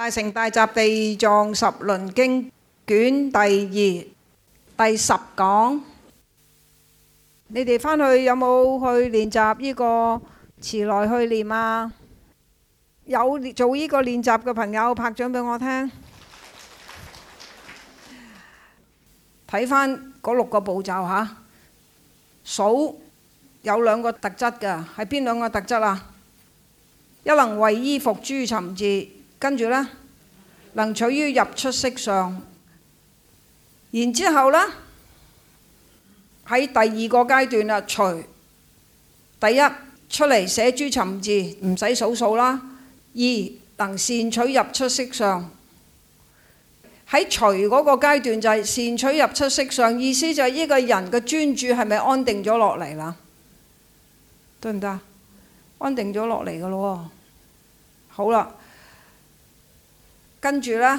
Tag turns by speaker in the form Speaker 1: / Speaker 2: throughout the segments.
Speaker 1: 大乘大集地藏十輪經卷第二第十講，你哋返去有冇去練習呢個持來去念啊？有做呢個練習嘅朋友，拍掌俾我聽。睇翻嗰六個步驟吓，數有兩個特質嘅，係邊兩個特質啊？一能為依伏諸尋伺。跟住呢，能取於入出息相。然之後呢，喺第二個階段啦，隨第一出離捨諸尋伺，唔使數數啦，二能善取入出息相。喺隨嗰個階段就係善取入出息相。意思就係呢個人嘅專注係咪安定咗落嚟啦？得唔得？安定咗落嚟嘅咯，好啦。跟住咧，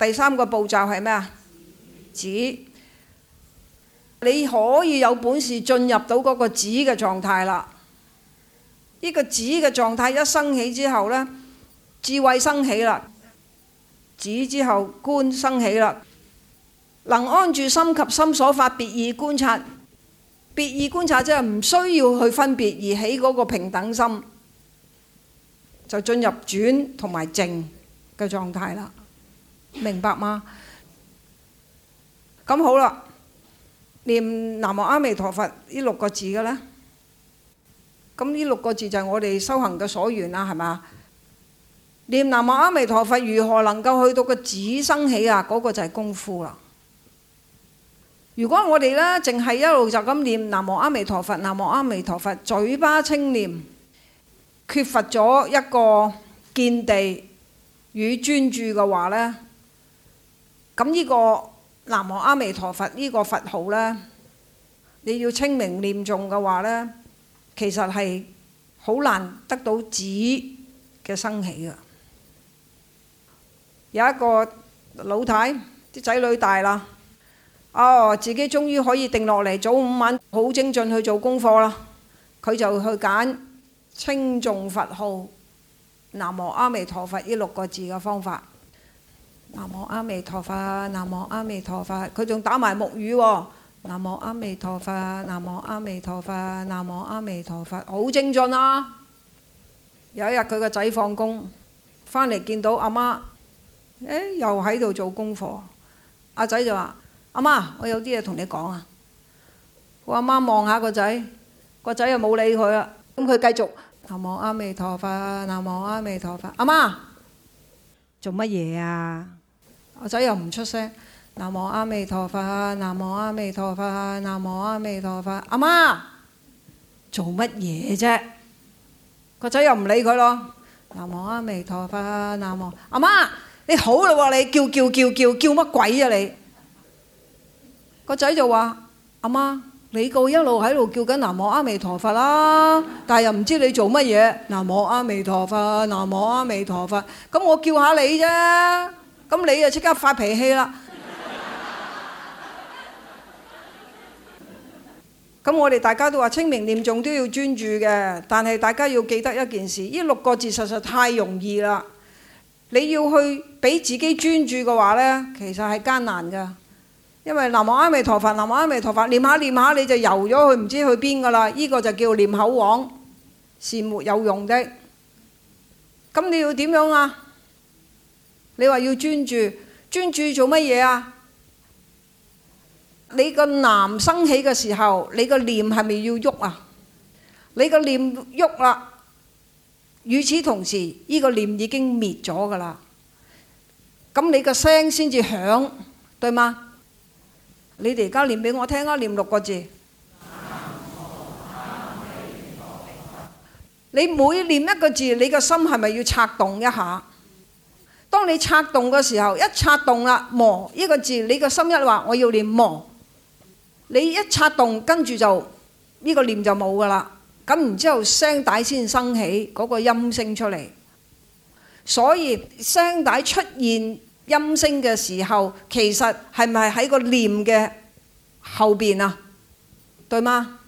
Speaker 1: 第三個步驟係咩啊？止，你可以有本事進入到嗰個止嘅狀態啦。呢個止嘅狀態一升起之後呢，智慧升起啦。止之後觀升起啦，能安住心及心所法別異觀察，別異觀察即係唔需要去分別而起嗰個平等心，就進入轉同埋淨嘅狀態啦，明白嗎？咁好啦，念南無阿彌陀佛呢六個字嘅咧。咁呢六個字就係我哋修行嘅所緣啦，係嘛？念南無阿彌陀佛，如何能夠去到個止生起啊？嗰個就係功夫啦。如果我哋咧淨係一路就咁念南無阿彌陀佛，南無阿彌陀佛，嘴巴清唸，缺乏咗一個見地。與專注嘅話咧，咁呢個南無阿彌陀佛呢個佛號咧，你要清明念誦嘅話咧，其實係好難得到子嘅生起嘅。有一個老太，啲仔女大啦，哦，自己終於可以定落嚟早午晚好精進去做功課啦，佢就去揀清誦佛號。南無阿彌陀佛，呢六個字嘅方法。南無阿彌陀佛，南無阿彌陀佛，佢仲打埋木魚喎。南無阿彌陀佛，南無阿彌陀佛，南無阿彌陀佛，好精進啊！有一日佢個仔放工翻嚟，見到阿媽，誒，又喺度做功課。阿仔就話：阿媽，我有啲嘢同你講啊！阿媽望下個仔，個仔又冇理佢啦。咁佢繼續。南無阿彌陀佛，南無阿彌陀佛，阿媽做乜嘢啊？阿仔又唔出聲。南無阿彌陀佛，南無阿彌陀佛，南無阿彌陀佛，阿媽做乜嘢啫？個仔又唔理佢咯。南無阿彌陀佛，南無阿媽，你好咯你叫叫叫叫叫乜鬼啊你？個仔就話阿媽。你個一路喺度叫緊南無阿彌陀佛啦，但係又唔知你做乜嘢？南無阿彌陀佛，南無阿彌陀佛。咁我叫下你啫，咁你就即刻發脾氣啦。咁 我哋大家都話清明念重都要專注嘅，但係大家要記得一件事，呢六個字實在太容易啦。你要去俾自己專注嘅話呢，其實係艱難噶。因為南無阿彌陀佛，南無阿彌陀佛，念下念下你就遊咗去，唔知去邊噶啦。呢個就叫念口簧，是沒有用的。咁你要點樣啊？你話要專注，專注做乜嘢啊？你個南生起嘅時候，你個念係咪要喐啊？你個念喐啦，與此同時，呢個念已經滅咗噶啦。咁你個聲先至響，對嗎？你哋而家念俾我聽啊！念六個字。你每念一個字，你個心係咪要拆動一下？當你拆動嘅時候，一拆動啦，磨呢個字，你個心一話，我要念磨。你一拆動，跟住就呢個念就冇噶啦。咁然之後，聲帶先生起嗰個音聲出嚟。所以聲帶出現音聲嘅時候，其實係咪喺個念嘅後邊啊？對嗎？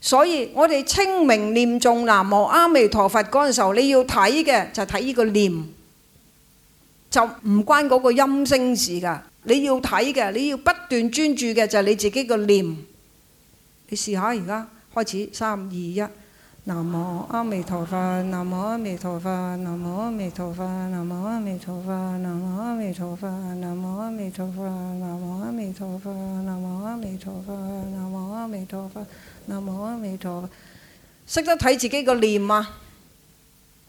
Speaker 1: 所以我哋清明念誦南無阿彌陀佛嗰陣時候，你要睇嘅就睇呢個念，就唔關嗰個音聲事㗎。你要睇嘅，你要不斷專注嘅就係你自己個念。你試下而家開始，三二一。南無阿彌陀佛，南無阿彌陀佛，南無阿彌陀佛，南無阿彌陀佛，南無阿彌陀佛，南無阿彌陀佛，南無阿彌陀佛，南無阿彌陀佛，南無阿彌陀佛，南無阿彌陀佛。識得睇自己個念啊！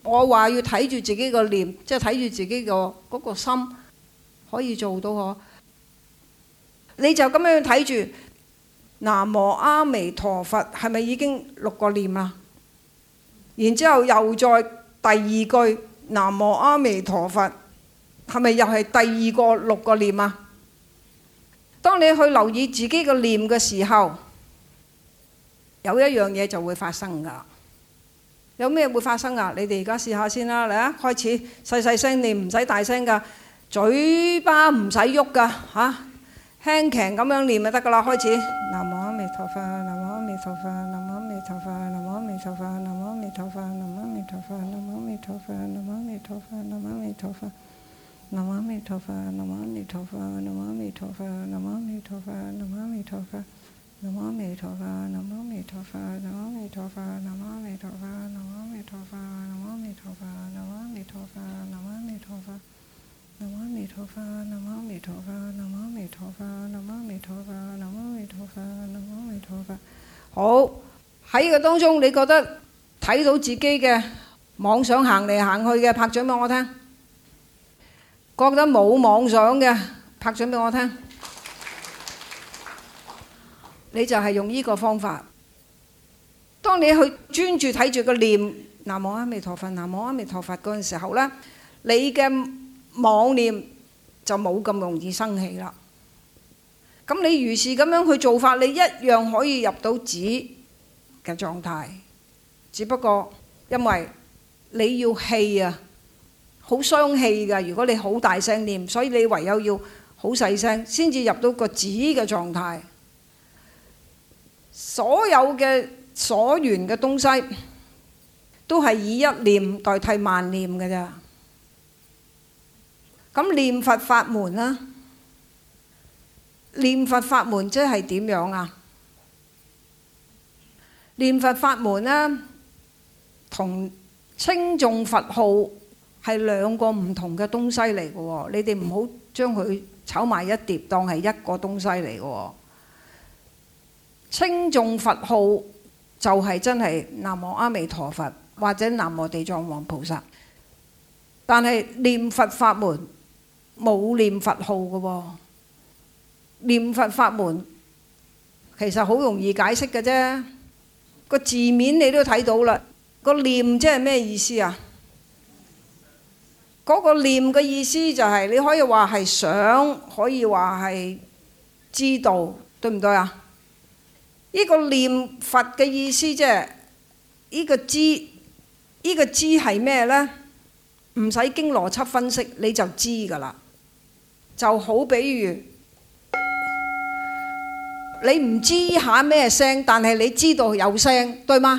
Speaker 1: 我話要睇住自己個念，即係睇住自己個嗰個心，可以做到我，你就咁樣睇住南無阿彌陀佛，係咪已經六個念啦？然之後又再第二句南無阿彌陀佛，係咪又係第二個六個念啊？當你去留意自己嘅念嘅時候，有一樣嘢就會發生㗎。有咩會發生啊？你哋而家試下先啦，嚟啊！開始細細聲唸，你唔使大聲㗎，嘴巴唔使喐㗎，嚇、啊。輕輕咁樣念咪得噶啦，開始。南無阿彌陀佛，南無阿彌陀佛，南無阿彌陀佛，南無阿彌陀佛，南無阿彌陀佛，南無阿彌陀佛，南無阿彌陀佛，南無阿彌陀佛，南無阿彌陀佛，南無阿彌陀佛，南無阿彌陀佛，南無阿彌陀佛，南無阿彌陀佛，南無阿彌陀佛，南無阿彌陀佛，南無阿彌陀佛，南無阿彌陀佛，南無阿彌陀佛，南無阿彌陀佛，南無阿彌陀佛，南無阿彌陀佛南無阿彌陀佛，南無阿彌陀佛，南無阿彌陀佛，南無阿彌陀佛，南無阿彌陀佛，南無阿彌陀佛。好喺個當中，你覺得睇到自己嘅妄想行嚟行去嘅，拍掌俾我聽，覺得冇妄想嘅，拍掌俾我聽。你就係用呢個方法。當你去專注睇住個念南無阿彌陀佛，南無阿彌陀佛嗰陣時候呢，你嘅。妄念就冇咁容易生氣啦。咁你如是咁樣去做法，你一樣可以入到子嘅狀態。只不過因為你要氣啊，好傷氣㗎。如果你好大聲唸，所以你唯有要好細聲，先至入到個子嘅狀態。所有嘅所緣嘅東西，都係以一念代替萬念嘅咋。咁念佛法門啊，念佛法門即係點樣啊？念佛法門咧，同稱誦佛號係兩個唔同嘅東西嚟嘅。你哋唔好將佢炒埋一碟，當係一個東西嚟嘅。稱誦佛號就係真係南無阿彌陀佛或者南無地藏王菩薩，但係念佛法門。冇念佛號嘅、哦，念佛法門其實好容易解釋嘅啫。個字面你都睇到啦，念個念即係咩意思啊？嗰個念嘅意思就係、是、你可以話係想，可以話係知道，對唔對啊？呢、呢個念佛嘅意思即係呢個知，呢、呢個知係咩呢？唔使經邏輯分析你就知噶啦。就好比，比如你唔知下咩聲，但係你知道有聲，對嗎？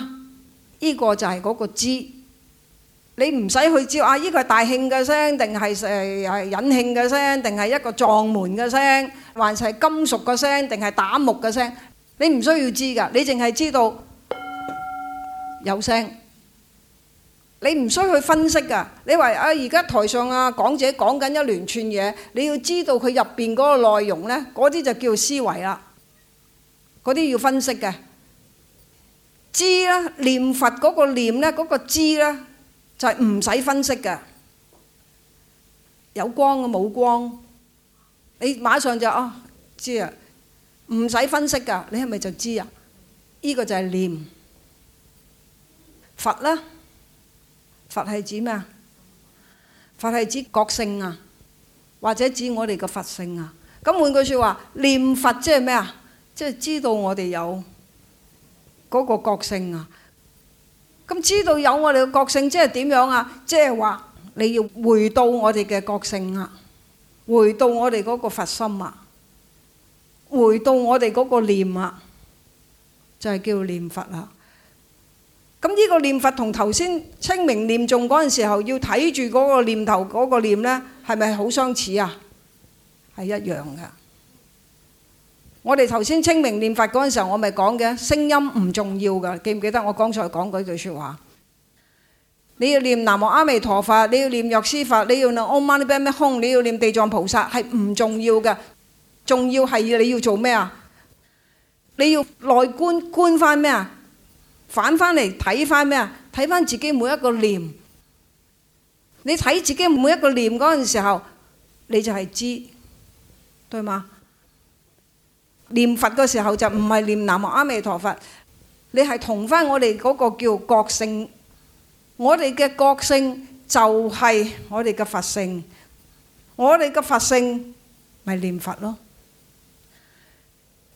Speaker 1: 呢、這個就係嗰個知。你唔使去知道啊！呢、這個係大磬嘅聲，定係誒引磬嘅聲，定、啊、係一個撞門嘅聲，還是金屬嘅聲，定係打木嘅聲？你唔需要知㗎，你淨係知道有聲。你唔需要去分析噶，你話啊而家台上啊講者講緊一連串嘢，你要知道佢入邊嗰個內容呢，嗰啲就叫思維啦，嗰啲要分析嘅。知啦，念佛嗰個念呢，嗰個知呢，就係唔使分析嘅，有光啊，冇光，你馬上就啊知啊，唔使分析噶，你係咪就知啊？呢個就係念佛啦。佛係指咩啊？佛係指覺性啊，或者指我哋嘅佛性啊。咁換句說話，念佛即係咩啊？即係知道我哋有嗰個覺性啊。咁知道有我哋嘅覺性即，即係點樣啊？即係話你要回到我哋嘅覺性啊，回到我哋嗰個佛心啊，回到我哋嗰個念啊，就係、是、叫念佛啦、啊。咁呢個念佛同頭先清明念誦嗰陣時候要睇住嗰個念頭嗰個念咧，係咪好相似啊？係一樣噶。我哋頭先清明念佛嗰陣時候，我咪講嘅聲音唔重要噶，記唔記得我剛才講嗰句説話？你要念南無阿彌陀佛，你要念藥師佛，你要念阿彌唸咩空，你要念地藏菩薩，係唔重要噶。重要係你要做咩啊？你要內觀，觀翻咩啊？反返嚟睇翻咩啊？睇翻自己每一個念，你睇自己每一個念嗰陣時候，你就係知，對嗎？念佛嘅時候就唔係念南無阿彌陀佛，你係同翻我哋嗰個叫覺性。我哋嘅覺性就係我哋嘅佛性，我哋嘅佛性咪念佛咯。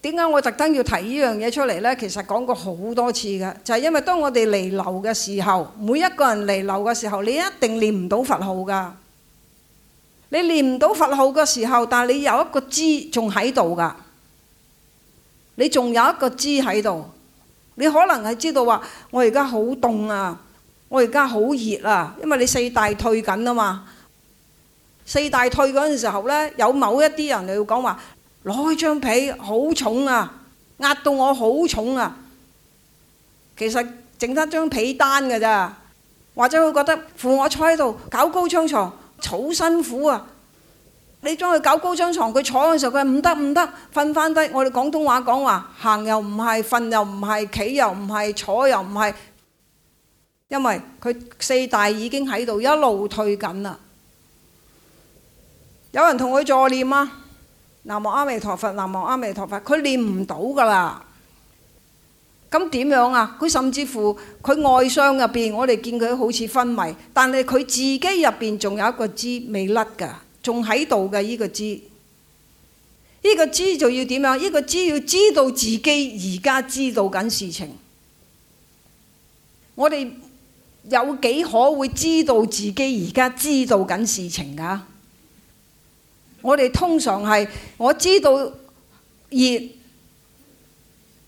Speaker 1: 點解我特登要提呢樣嘢出嚟呢？其實講過好多次嘅，就係因為當我哋彌留嘅時候，每一個人彌留嘅時候，你一定唸唔到佛號噶。你唸唔到佛號嘅時候，但係你有一個知仲喺度噶，你仲有一個知喺度，你可能係知道話，我而家好凍啊，我而家好熱啊，因為你四大退緊啊嘛。四大退嗰陣時候呢，有某一啲人要講話。攞開張被，好重啊！壓到我好重啊！其實整得張被單㗎咋，或者佢覺得扶我坐喺度搞高張床，好辛苦啊！你將佢搞高張床，佢坐嘅時候佢唔得唔得，瞓翻低。我哋廣東話講話行又唔係，瞓又唔係，企又唔係，坐又唔係。因為佢四大已經喺度一路退緊啦。有人同佢助念啊。南無阿彌陀佛，南無阿彌陀佛。佢練唔到噶啦，咁點樣啊？佢甚至乎佢外傷入邊，我哋見佢好似昏迷，但係佢自己入邊仲有一個知未甩噶，仲喺度嘅呢個知。呢個知就要點樣？呢個知要知道自己而家知道緊事情。我哋有幾可會知道自己而家知道緊事情噶？我哋通常係我知道熱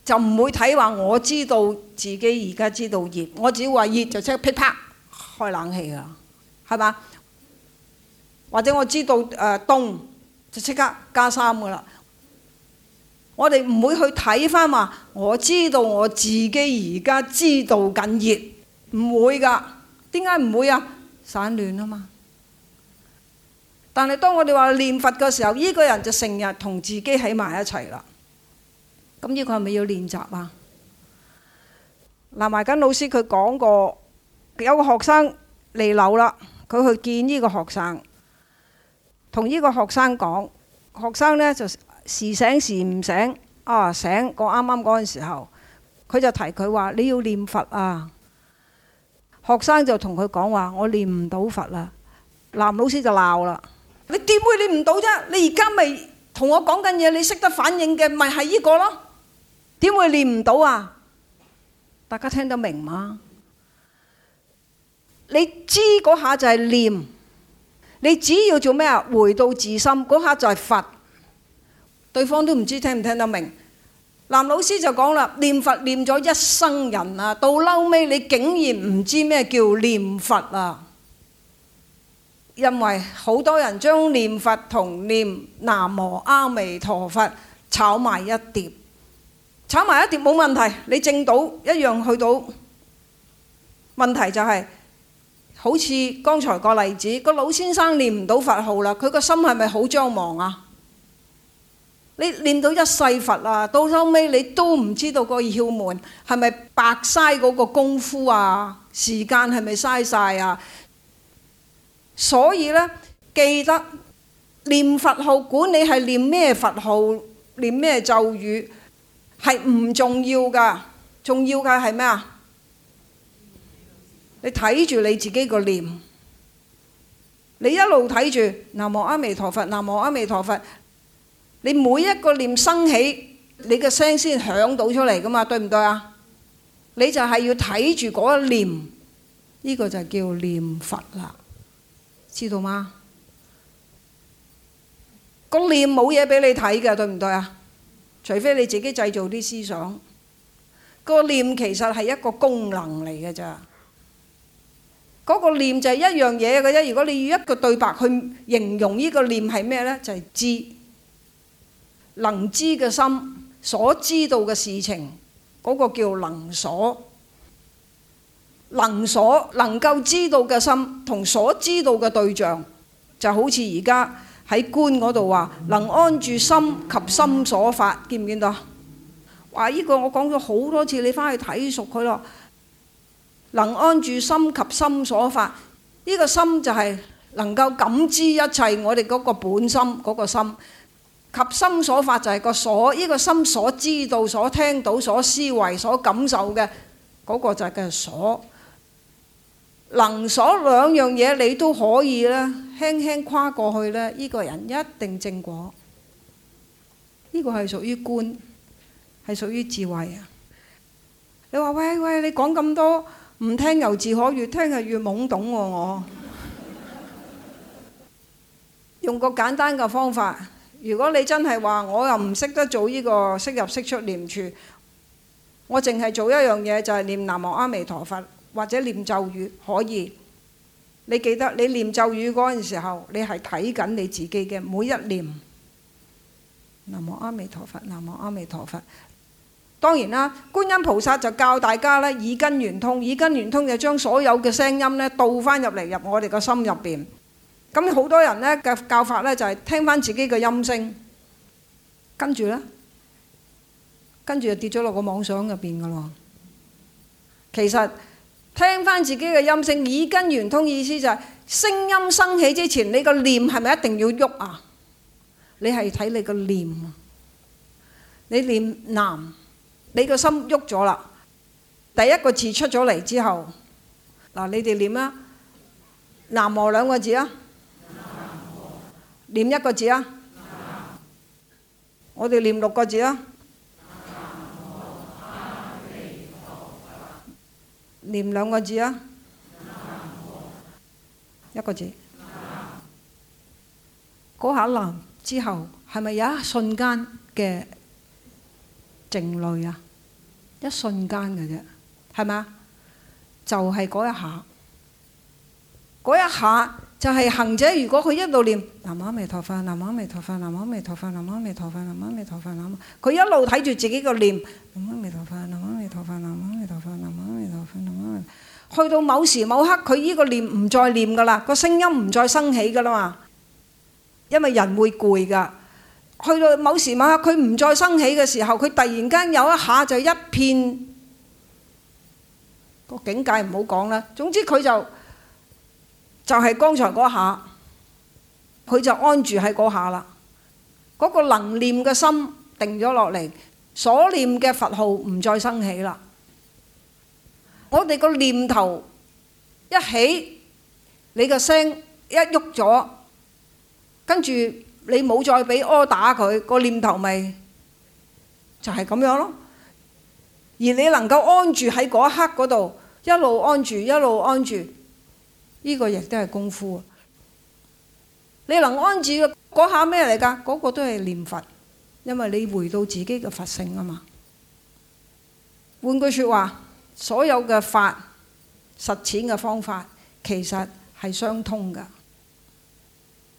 Speaker 1: 就唔會睇話，我知道自己而家知道熱，我只話熱就即刻劈啪開冷氣啦，係嘛？或者我知道誒凍、呃、就即刻加衫噶啦。我哋唔會去睇翻話，我知道我自己而家知道緊熱，唔會噶。點解唔會啊？散亂啊嘛。但係當我哋話念佛嘅時候，呢個人就成日同自己喺埋一齊啦。咁呢個係咪要練習啊？嗱，南懷瑾老師佢講過，有個學生離樓啦。佢去見呢個學生，同呢個學生講，學生呢就時醒時唔醒。啊，醒個啱啱嗰陣時候，佢就提佢話你要念佛啊。學生就同佢講話，我念唔到佛啦。南老師就鬧啦。你點會念唔到啫？你而家咪同我講緊嘢，你識得反應嘅咪係呢個咯？點會念唔到啊？大家聽得明嗎？你知嗰下就係念，你只要做咩啊？回到自心嗰下就係佛。對方都唔知聽唔聽得明。男老師就講啦：念佛念咗一生人啊，到嬲尾你竟然唔知咩叫念佛啊！因為好多人將念佛同念南無阿彌陀佛炒埋一碟，炒埋一碟冇問題，你正到一樣去到。問題就係好似剛才個例子，個老先生念唔到佛號啦，佢個心係咪好張忙啊？你念到一世佛啊，到收尾你都唔知道個竅門，係咪白嘥嗰個功夫啊？時間係咪嘥曬啊？所以咧，記得念佛號，管你係念咩佛號，念咩咒語，係唔重要噶。重要嘅係咩啊？你睇住你自己個念，你一路睇住南無阿彌陀佛，南無阿彌陀佛。你每一個念生起，你嘅聲先響到出嚟噶嘛？對唔對啊？你就係要睇住嗰一念，呢個就叫念佛啦。知道嗎？個念冇嘢俾你睇嘅，對唔對啊？除非你自己製造啲思想。個念其實係一個功能嚟嘅咋。嗰個念就係一樣嘢嘅啫。如果你要一個對白去形容呢個念係咩呢？就係知。能知嘅心所知道嘅事情，嗰個叫能所。能所能夠知道嘅心同所知道嘅對象，就好似而家喺觀嗰度話，能安住心及心所法，見唔見到啊？哇！呢個我講咗好多次，你翻去睇熟佢咯。能安住心及心所法，呢個心就係能夠感知一切我哋嗰個本心嗰個心，及心所法就係個所，呢個心所知道、所聽到、所思維、所感受嘅嗰個就係嘅所。能所兩樣嘢你都可以咧，輕輕跨過去咧，依、這個人一定正果。呢、這個係屬於觀，係屬於智慧啊！你話喂喂，你講咁多唔聽由自，由自可越聽係越懵懂、啊、我 用個簡單嘅方法，如果你真係話我又唔識得做呢個識入識出念處，我淨係做一樣嘢就係、是、念南無阿彌陀佛。或者唸咒語可以，你記得你唸咒語嗰陣時候，你係睇緊你自己嘅每一唸。南無阿彌陀佛，南無阿彌陀佛。當然啦，觀音菩薩就教大家咧耳根圓通，耳根圓通就將所有嘅聲音咧倒翻入嚟入我哋個心入邊。咁好多人咧嘅教法咧就係聽翻自己嘅音聲，跟住咧，跟住就跌咗落個妄想入邊噶咯。其實。聽翻自己嘅音聲，耳根圓通意思就係聲音升起之前，你個念係咪一定要喐啊？你係睇你個念，你念南，你個心喐咗啦。第一個字出咗嚟之後，嗱，你哋念啊，南無兩個字啊，無念一個字啊，無我哋念六個字啊。念兩個字啊，一個字，嗰下南之後係咪有一瞬間嘅靜慮啊？一瞬間嘅啫，係咪？就係嗰一下，嗰一下就係行者。如果佢一路念南無阿彌陀佛，南無阿彌陀佛，南無阿彌陀佛，南無阿彌陀佛，南無阿彌陀佛，南無阿彌陀佛，南無佢一路睇住自己個念南無阿彌陀佛，南無阿彌陀佛，南無阿彌陀佛，南。去到某時某刻，佢呢個念唔再念噶啦，個聲音唔再生起噶啦嘛，因為人會攰噶。去到某時某刻，佢唔再生起嘅時候，佢突然間有一下就一片個境界唔好講啦。總之佢就就係剛才嗰下，佢就安住喺嗰下啦。嗰個能念嘅心定咗落嚟，所念嘅佛號唔再生起啦。我哋個念頭一起，你個聲一喐咗，跟住你冇再俾柯打佢，個念頭咪就係咁樣咯。而你能夠安住喺嗰一刻嗰度，一路安住，一路安住，呢個亦都係功夫。你能安住嗰下咩嚟噶？嗰個都係念佛，因為你回到自己嘅佛性啊嘛。換句説話。所有嘅法實踐嘅方法其實係相通㗎。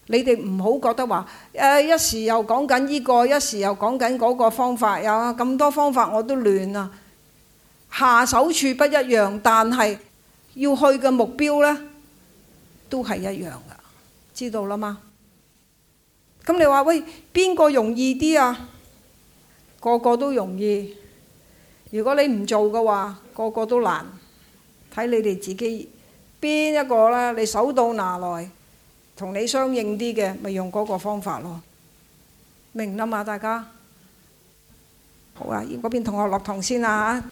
Speaker 1: 你哋唔好覺得話，呃，一時又講緊呢個，一時又講緊嗰個方法，有啊，咁多方法我都亂啊。下手處不一樣，但係要去嘅目標呢，都係一樣㗎，知道啦嘛？咁你話喂，邊個容易啲啊？個個都容易。如果你唔做嘅話，個個都難，睇你哋自己邊一個啦。你手到拿來，同你相應啲嘅，咪用嗰個方法咯，明啦嘛？大家好啊，要嗰邊同學落堂先啦。